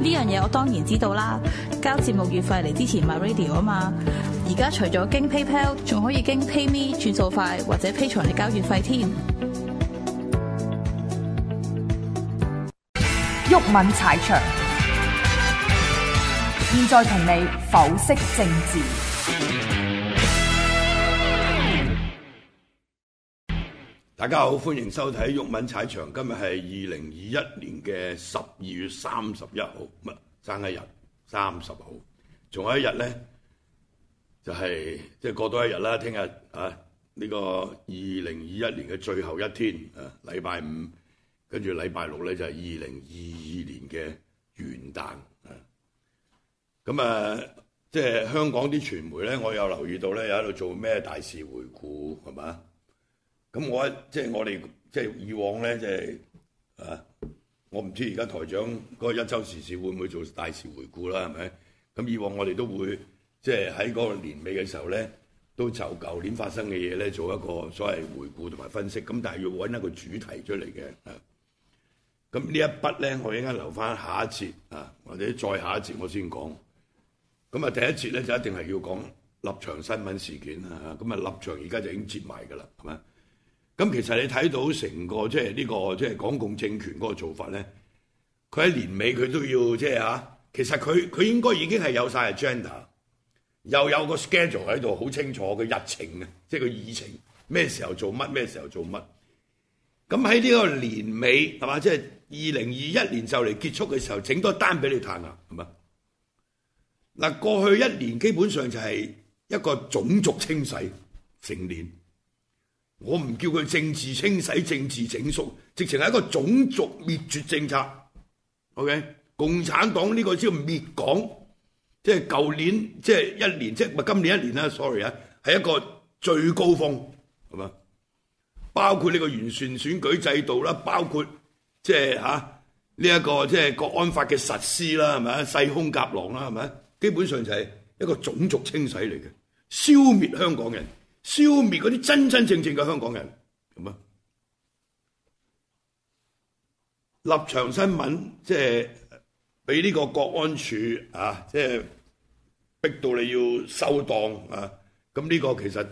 呢樣嘢我當然知道啦，交節目月費嚟之前買 radio 啊嘛，而家除咗經 PayPal，仲可以經 PayMe 轉數快、或者 p a 飛鵝，嚟交月費添。鬱敏踩場，現在同你剖析政治。大家好，歡迎收睇毓民踩場。今日係二零二一年嘅十二月三十一號，唔係三一日，三十號，仲有一日咧，就係即係過多一日啦。聽日啊，呢、這個二零二一年嘅最後一天啊，禮拜五，跟住禮拜六咧就係二零二二年嘅元旦咁啊，即、啊、係、就是、香港啲傳媒咧，我有留意到咧，有喺度做咩大事回顧係嘛？咁我即係，我哋即係以往咧，即係啊，我唔知而家台長嗰個《一周時事》會唔會做大事回顧啦，係咪？咁以往我哋都會即係喺嗰個年尾嘅時候咧，都就舊年發生嘅嘢咧做一個所謂回顧同埋分析。咁但係要揾一個主題出嚟嘅啊。咁呢一筆咧，我應該留翻下一節啊，或者再下一節我先講。咁啊，第一節咧就一定係要講立場新聞事件啦。咁啊，立場而家就已經接埋㗎啦，係咪？咁其實你睇到成個即係呢個即係港共政權嗰個做法咧，佢喺年尾佢都要即係嚇，其實佢佢應該已經係有晒 agenda，又有個 schedule 喺度好清楚嘅日程啊，即係個議程咩時候做乜，咩時候做乜。咁喺呢個年尾係嘛，即係二零二一年就嚟結束嘅時候，整多單俾你嘆下，係嘛？嗱，過去一年基本上就係一個種族清洗成年。我唔叫佢政治清洗、政治整肅，直情係一個種族滅絕政策。OK，共產黨呢個即係滅港，即係舊年，即係一年，即係咪今年一年啦？Sorry 啊，係一個最高峰，係嘛？包括呢個完善選舉制度啦，包括即係吓，呢一個即係國安法嘅實施啦，係咪啊？勢兇夾狼啦，係咪？基本上就係一個種族清洗嚟嘅，消滅香港人。消滅嗰啲真真正正嘅香港人，咁啊，立場新聞即係俾呢個國安處啊，即係逼到你要收檔啊。咁呢個其實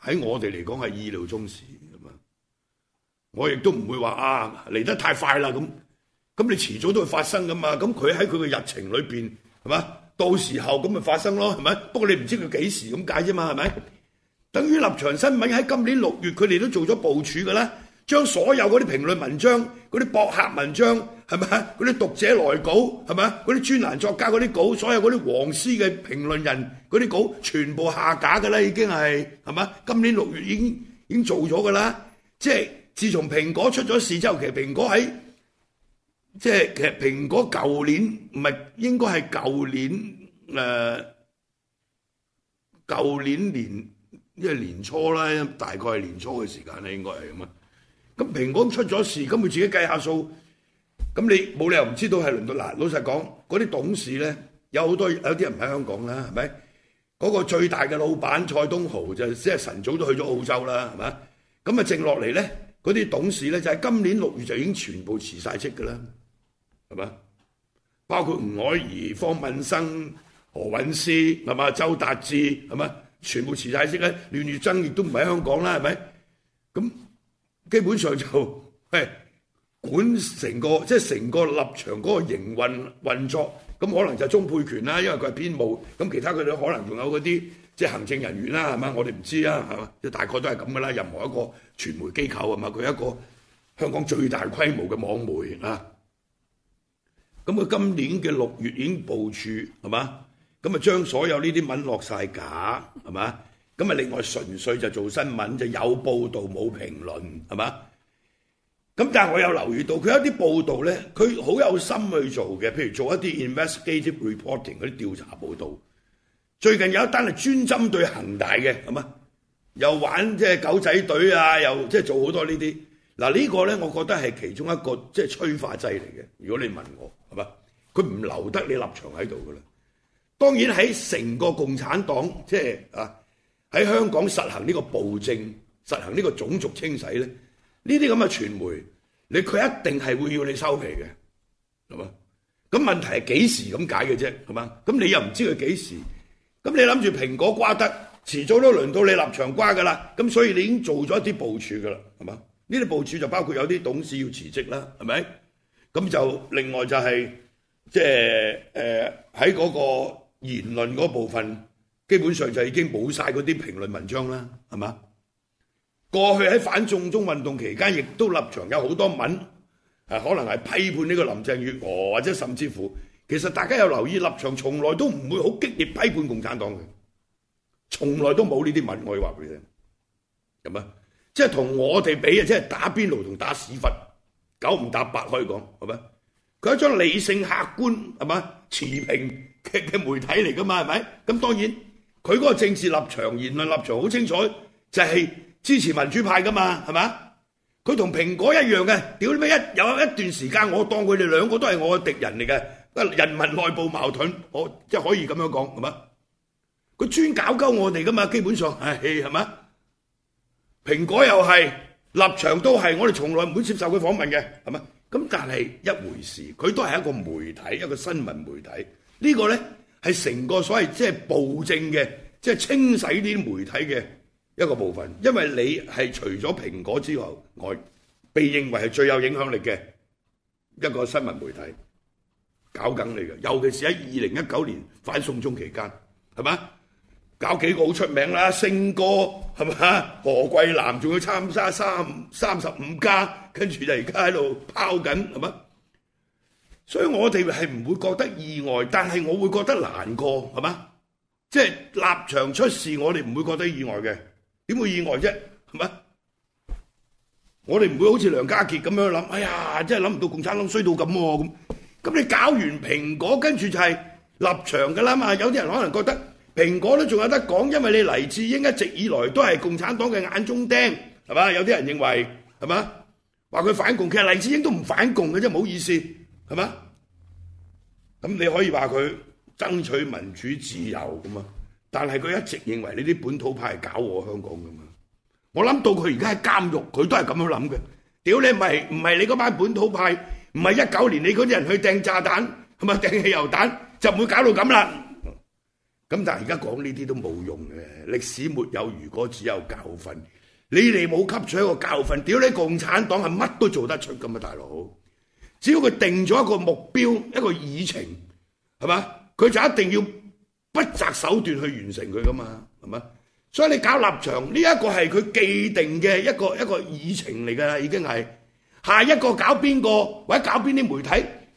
喺我哋嚟講係意料中事咁啊，我亦都唔會話啊嚟得太快啦咁，咁你遲早都會發生噶嘛？咁佢喺佢嘅日程裏邊係嘛？到時候咁咪發生咯，係咪？不過你唔知佢幾時咁解啫嘛，係咪？等於立場新聞喺今年六月，佢哋都做咗部署㗎喇，將所有嗰啲評論文章、嗰啲博客文章係咪？嗰啲讀者來稿係咪？嗰啲專欄作家嗰啲稿，所有嗰啲黃絲嘅評論人嗰啲稿，全部下架㗎喇，已經係，係咪？今年六月已經已經做咗㗎喇，即係自從蘋果出咗事之後，其實蘋果喺。即係其實蘋果舊年唔係，應該係舊年誒，舊年年即係年初啦，大概係年初嘅時間啦，應該係咁啊。咁蘋果出咗事，咁佢自己計下數，咁你冇理由唔知道係輪到嗱。老實講，嗰啲董事咧，有好多有啲人唔喺香港啦，係咪？嗰個最大嘅老闆蔡東豪就即係晨早都去咗澳洲啦，係咪？咁啊，剩落嚟咧，嗰啲董事咧就喺今年六月就已經全部辭晒職㗎啦。係嘛？包括吳靄儀、方敏生、何韻詩係嘛？周達智係嘛？全部辭晒職咧，練乙錚亦都唔喺香港啦，係咪？咁基本上就係管成個，即係成個立場嗰個營運運作，咁可能就係鍾沛權啦，因為佢係編務，咁其他佢哋可能仲有嗰啲即係行政人員啦，係嘛？我哋唔知啦，係嘛？即係大概都係咁噶啦。任何一個傳媒機構係嘛？佢一個香港最大規模嘅網媒啊！咁佢今年嘅六月已經部署係嘛？咁咪將所有呢啲文落晒架係嘛？咁咪另外純粹就做新聞就有報導冇評論係嘛？咁但係我有留意到佢有啲報導咧，佢好有心去做嘅，譬如做一啲 investigative reporting 嗰啲調查報導。最近有一單係專針對恒大嘅，係嘛？又玩即係、就是、狗仔隊啊，又即係、就是、做好多、這個、呢啲。嗱呢個咧，我覺得係其中一個即係、就是、催化劑嚟嘅。如果你問我。佢唔留得你立場喺度噶啦，當然喺成個共產黨，即係啊喺香港實行呢個暴政、實行呢個種族清洗咧，呢啲咁嘅傳媒，你佢一定係會要你收皮嘅，係嘛？咁問題係幾時咁解嘅啫？係嘛？咁你又唔知佢幾時，咁你諗住蘋果瓜得，遲早都輪到你立場瓜噶啦，咁所以你已經做咗一啲部署噶啦，係嘛？呢啲部署就包括有啲董事要辭職啦，係咪？咁就另外就係、是。即係誒喺嗰個言論嗰部分，基本上就已經冇晒嗰啲評論文章啦，係嘛？過去喺反送中運動期間，亦都立場有好多文，係、啊、可能係批判呢個林鄭月娥或者甚至乎，其實大家有留意，立場從來都唔會好激烈批判共產黨嘅，從來都冇呢啲文，我可以話俾你聽。咁咩？即係同我哋比啊，即係打邊爐同打屎忽，九唔搭八可以講，係咪？佢係一張理性、客觀，係嘛，持平嘅媒體嚟噶嘛，係咪？咁當然佢嗰個政治立場、言論立場好清楚，就係支持民主派噶嘛係嘛？佢同蘋果一樣嘅，屌你咩，一有一段時間，我當佢哋兩個都係我嘅敵人嚟嘅，人民內部矛盾，我即係可以咁樣講係嘛？佢專搞鳩我哋噶嘛，基本上係係嘛？蘋果又係立場都係，我哋從來唔會接受佢訪問嘅係嘛？咁但係一回事，佢都係一個媒體，一個新聞媒體。呢個呢係成個所謂即係暴政嘅，即係清洗啲媒體嘅一個部分。因為你係除咗蘋果之外，我被認為係最有影響力嘅一個新聞媒體，搞緊你嘅。尤其是喺二零一九年反送中期間，係嘛？搞幾個好出名啦，星哥係嘛？何桂南仲要參差三三十五家，跟住就而家喺度拋緊係嘛？所以我哋係唔會覺得意外，但係我會覺得難過係嘛？即係立場出事，我哋唔會覺得意外嘅，點會意外啫？係嘛？我哋唔會好似梁家傑咁樣諗，哎呀，真係諗唔到共產黨衰到咁喎咁。咁你搞完蘋果，跟住就係立場㗎啦嘛。有啲人可能覺得。蘋果都仲有得講，因為你黎智英一直以來都係共產黨嘅眼中釘，係嘛？有啲人認為係嘛？話佢反共，其實黎智英都唔反共嘅，真冇意思，係嘛？咁你可以話佢爭取民主自由㗎嘛？但係佢一直認為你啲本土派搞我香港㗎嘛？我諗到佢而家喺監獄，佢都係咁樣諗嘅。屌你，唔係唔係你嗰班本土派，唔係一九年你嗰啲人去掟炸彈係嘛？掟汽油彈就唔會搞到咁啦。咁但係而家講呢啲都冇用嘅，歷史沒有如果，只有教訓。你哋冇吸取一個教訓，屌你！共產黨係乜都做得出噶嘛，大佬？只要佢定咗一個目標，一個議程，係嘛？佢就一定要不擇手段去完成佢噶嘛，係嘛？所以你搞立場，呢一個係佢既定嘅一個一個議程嚟㗎喇，已經係下一個搞邊個，或者搞邊啲媒體，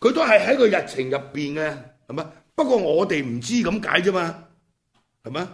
佢都係喺個日程入邊嘅，係咪？不過我哋唔知咁解啫嘛，係咪？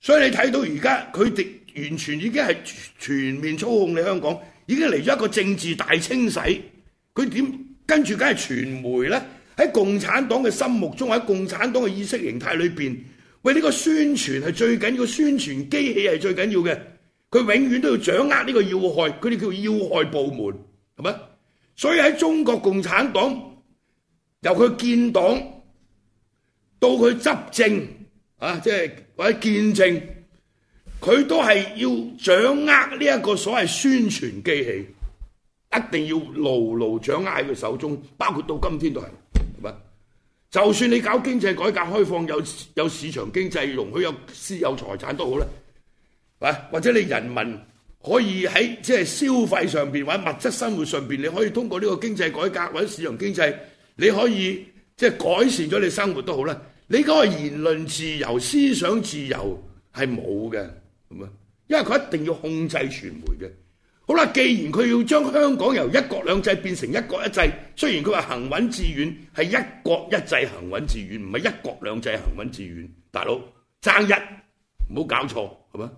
所以你睇到而家佢哋完全已經係全面操控你香港，已經嚟咗一個政治大清洗。佢點跟住？梗係傳媒呢？喺共產黨嘅心目中，喺共產黨嘅意識形態裏面，喂，呢個宣傳係最緊要，宣傳機器係最緊要嘅。佢永遠都要掌握呢個要害，佢哋叫要害部門，係咪？所以喺中國共產黨由佢建黨。到佢執政啊，即係或者見證，佢都係要掌握呢一個所謂宣傳機器，一定要牢牢掌握喺佢手中。包括到今天都係，係咪？就算你搞經濟改革開放，有有市場經濟，容許有私有財產都好咧，係咪？或者你人民可以喺即係消費上邊，或者物質生活上邊，你可以通過呢個經濟改革或者市場經濟，你可以即係改善咗你生活都好咧。你嗰個言論自由、思想自由係冇嘅，咁因為佢一定要控制傳媒嘅。好啦，既然佢要將香港由一國兩制變成一國一制，雖然佢話行穩致遠係一國一制行穩致遠，唔係一國兩制行穩致遠。大佬爭一，唔好搞錯，係嘛？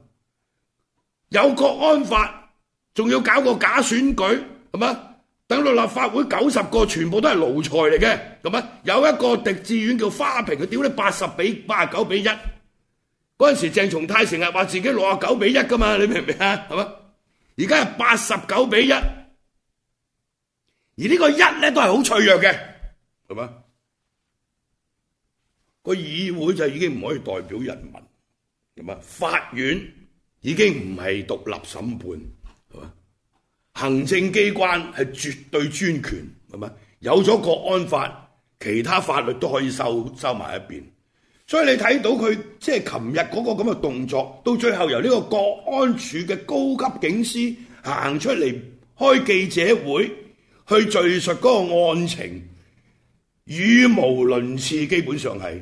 有國安法，仲要搞個假選舉，係嘛？等到立法會九十個全部都係奴才嚟嘅，係咪？有一個狄志遠叫花瓶，佢屌你八十比八十九比一。嗰陣時鄭松泰成日話自己六十九比一噶嘛，你明唔明啊？係嘛？而家係八十九比一，而呢個一咧都係好脆弱嘅，係嘛？個議會就已經唔可以代表人民，係嘛？法院已經唔係獨立審判。行政機關係絕對專權，係咪？有咗國安法，其他法律都可以收收埋一邊。所以你睇到佢即係琴日嗰個咁嘅動作，到最後由呢個國安處嘅高級警司行出嚟開記者會，去敍述嗰個案情，語無倫次，基本上係。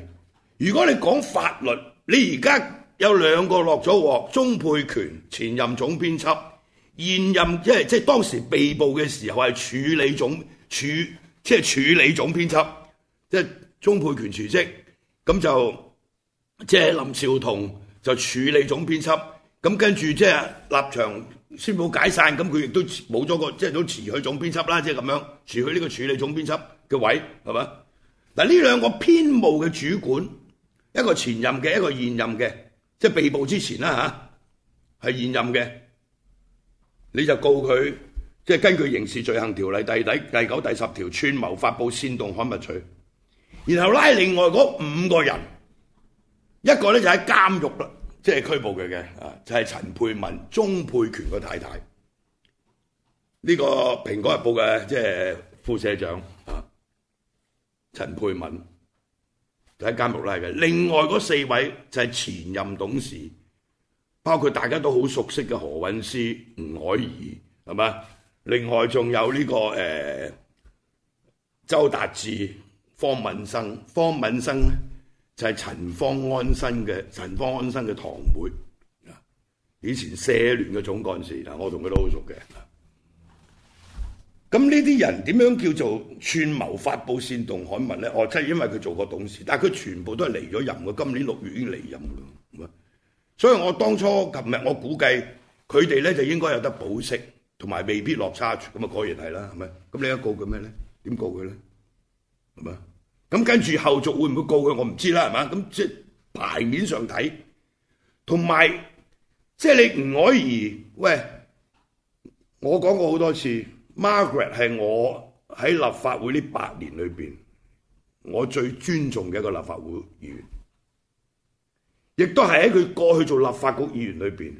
如果你講法律，你而家有兩個落咗鑊，鍾沛權前任總編輯。現任即係即係當時被捕嘅時候係署理總處，即係署理總編輯，即係鍾沛權辭職，咁就即係林紹桐就署理總編輯，咁跟住即係立場宣布解散，咁佢亦都冇咗個即係都辭去總編輯啦，即係咁樣辭去呢個署理總編輯嘅位，係嘛？嗱，呢兩個編務嘅主管，一個前任嘅，一個現任嘅，即係被捕之前啦嚇，係現任嘅。你就告佢，根據刑事罪行條例第第第九第十條串謀發布煽動刊物罪，然後拉另外嗰五個人，一個呢就喺監獄啦，即係拘捕佢嘅就係陳沛敏、鍾沛權嘅太太，呢個《蘋果日報》嘅即係副社長啊，陳沛敏就喺監獄拉嘅，另外嗰四位就係前任董事。包括大家都好熟悉嘅何韻詩、吳靄儀，係嘛？另外仲有呢、這個誒、呃，周達志、方敏生。方敏生咧就係陳方安生嘅陳方安生嘅堂妹。以前社聯嘅總幹事，嗱我同佢都好熟嘅。咁呢啲人點樣叫做串謀發布煽動刊物咧？我真係因為佢做過董事，但係佢全部都係離咗任嘅。今年六月已經離任啦。所以我當初琴日我估計佢哋咧就應該有得保釋，同埋未必落差處。咁啊，果然係啦，係咪？咁你告佢咩咧？點告佢咧？係咪？咁跟住後續會唔會告佢？我唔知啦，係嘛？咁即係牌面上睇，同埋即係你唔可以。喂，我講過好多次，Margaret 係我喺立法會呢八年裏邊，我最尊重嘅一個立法會議員。亦都係喺佢過去做立法局議員裏邊，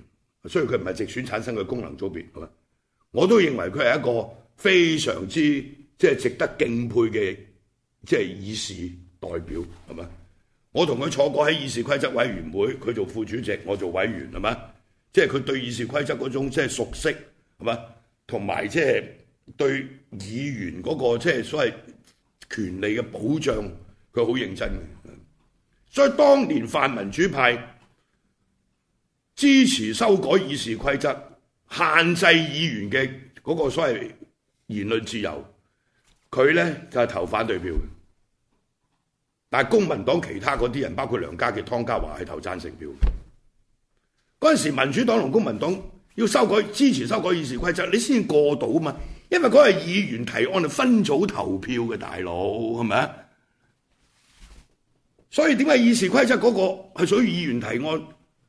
雖然佢唔係直選產生嘅功能組別，係嘛？我都認為佢係一個非常之即係、就是、值得敬佩嘅即係議事代表，係嘛？我同佢坐過喺議事規則委員會，佢做副主席，我做委員，係嘛？即係佢對議事規則嗰種即係、就是、熟悉，係嘛？同埋即係對議員嗰、那個即係、就是、所謂權利嘅保障，佢好認真嘅。所以當年泛民主派支持修改議事規則，限制議員嘅嗰個所謂言論自由，佢呢就係、是、投反對票嘅。但係公民黨其他嗰啲人，包括梁家傑、湯家驊，係投贊成票的。嗰陣時，民主黨同公民黨要修改、支持修改議事規則，你先過到嘛，因為嗰個議員提案係分組投票嘅，大佬係咪啊？所以點解議事規則嗰個係屬於議員提案？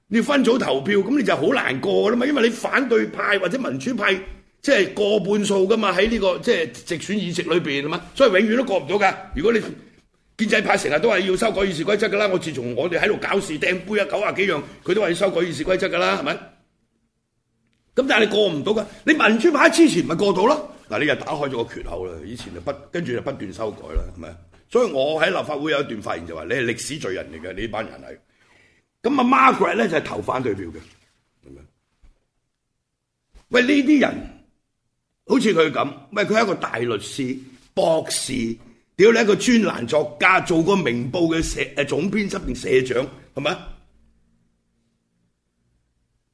你要分組投票，咁你就好難過噶啦嘛。因為你反對派或者民主派，即係過半數噶嘛，喺呢、呢個即係、即係、直選議席裏邊啊嘛，所以永遠都過唔到噶。如果你建制派成日都話要修改議事規則噶啦，我自從我哋喺度搞事掟杯啊九啊幾樣，佢都話要修改議事規則噶啦，係咪？咁但係你過唔到噶，你民主派之前咪過到咯？嗱、啊，你又打開咗個缺口啦。以前就不跟住就不斷修改啦，係咪？所以我喺立法會有一段發言就話：你係歷史罪人嚟嘅，呢班人係。咁啊，Margaret 咧就是、投反對票嘅，明唔明？喂，呢啲人好似佢咁，喂，佢係一個大律師，博士，屌你一個專欄作家，做個明報嘅社誒總編輯兼社長，係咪？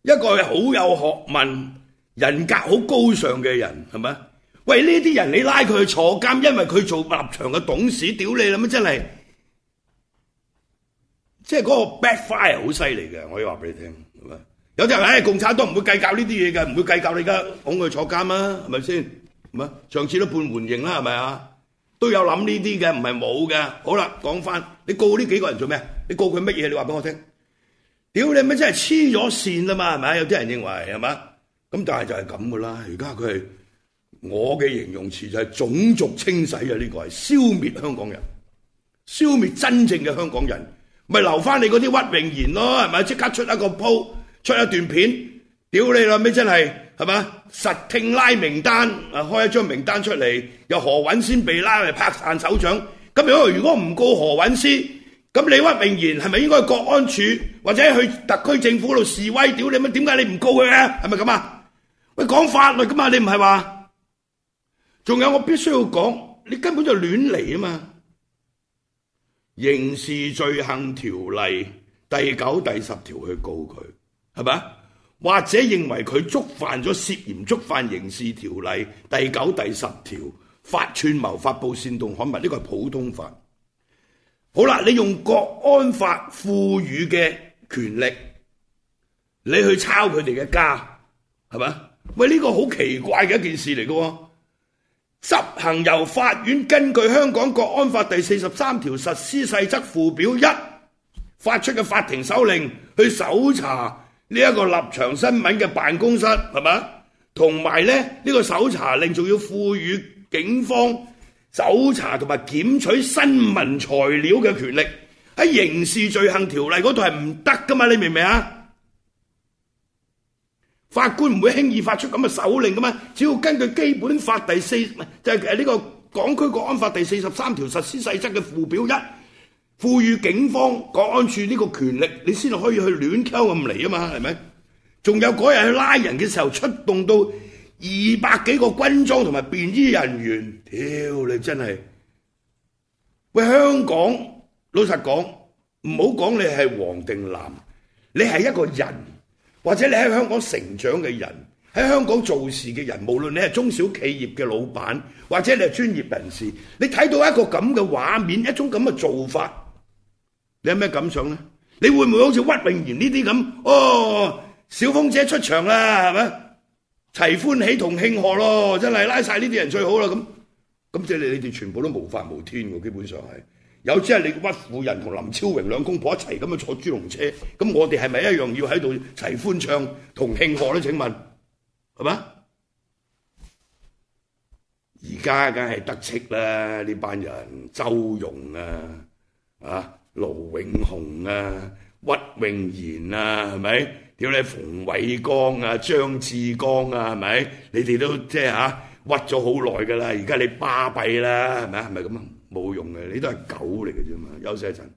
一個係好有學問、人格好高尚嘅人，係咪？喂，呢啲人你拉佢去坐監，因為佢做立場嘅董事，屌你啦，咪真係？即係嗰個 backfire 好犀利嘅，我要話俾你聽，係咪？有啲人唉、哎，共產黨唔會計較呢啲嘢嘅，唔會計較你而家㧬佢坐監啊，係咪先？乜上次都判緩刑啦，係咪啊？都有諗呢啲嘅，唔係冇嘅。好啦，講翻，你告呢幾個人做咩？你告佢乜嘢？你話俾我聽。屌你咪真係黐咗線啦嘛？係咪？有啲人認為係咪？咁但係就係咁噶啦，而家佢。我嘅形容詞就係種族清洗啊！呢、這個係消滅香港人，消滅真正嘅香港人，咪留翻你嗰啲屈穎妍咯，係咪？即刻出一個 po，出一段片，屌你啦！咩真係係嘛？實聽拉名單，啊開一張名單出嚟，由何韻詩被拉嚟拍爛手掌。咁如果如果唔告何韻詩，咁你屈穎妍係咪應該去國安處或者去特區政府度示威？屌你乜？點解你唔告佢呢？係咪咁啊？喂，講法律噶嘛？你唔係話？仲有我必須要講，你根本就亂嚟啊嘛！刑事罪行條例第九第十條去告佢，係咪啊？或者認為佢觸犯咗涉嫌觸犯刑事條例第九第十條，發串謀、發佈煽動刊物，可唔係，呢個係普通法。好啦，你用國安法賦予嘅權力，你去抄佢哋嘅家，係咪啊？喂，呢個好奇怪嘅一件事嚟嘅。執行由法院根據《香港國安法》第四十三條實施細則附表一發出嘅法庭手令去搜查呢一個立場新聞嘅辦公室，係咪？同埋咧，呢、這個搜查令仲要賦予警方搜查同埋檢取新聞材料嘅權力。喺刑事罪行條例嗰度係唔得噶嘛？你明唔明啊？法官唔會輕易發出咁嘅手令嘅嘛，只要根據基本法第四，就係、誒、呢個港區國安法第四十三條實施細則嘅附表一，賦予警方國安處呢個權力，你先可以去亂溝咁嚟啊嘛，係咪？仲有嗰日去拉人嘅時候，出動到二百幾個軍裝同埋便衣人員，屌、啊、你真係！喂，香港老實講唔好講，你係黃定藍，你係一個人。或者你喺香港成長嘅人，喺香港做事嘅人，無論你係中小企業嘅老闆，或者你係專業人士，你睇到一個咁嘅畫面，一種咁嘅做法，你有咩感想咧？你會唔會好似屈穎妍呢啲咁？哦，小鳳姐出場啦，係咪？齊歡喜同慶賀咯，真係拉晒呢啲人最好啦咁。咁即係你哋全部都無法無天喎，基本上係。有即係你屈婦人同林超榮兩公婆一齊咁樣坐豬籠車，咁我哋係咪一樣要喺度齊歡唱同慶賀咧？請問係嘛？而家梗係得戚啦，呢班人周融啊，啊盧永雄啊，屈永賢啊，係咪？屌你，馮偉光啊，張志剛啊，係咪？你哋都即係嚇屈咗好耐㗎啦，而家你巴閉啦，係咪啊？係咪咁啊？冇用嘅，你都係狗嚟嘅啫嘛，休息一陣。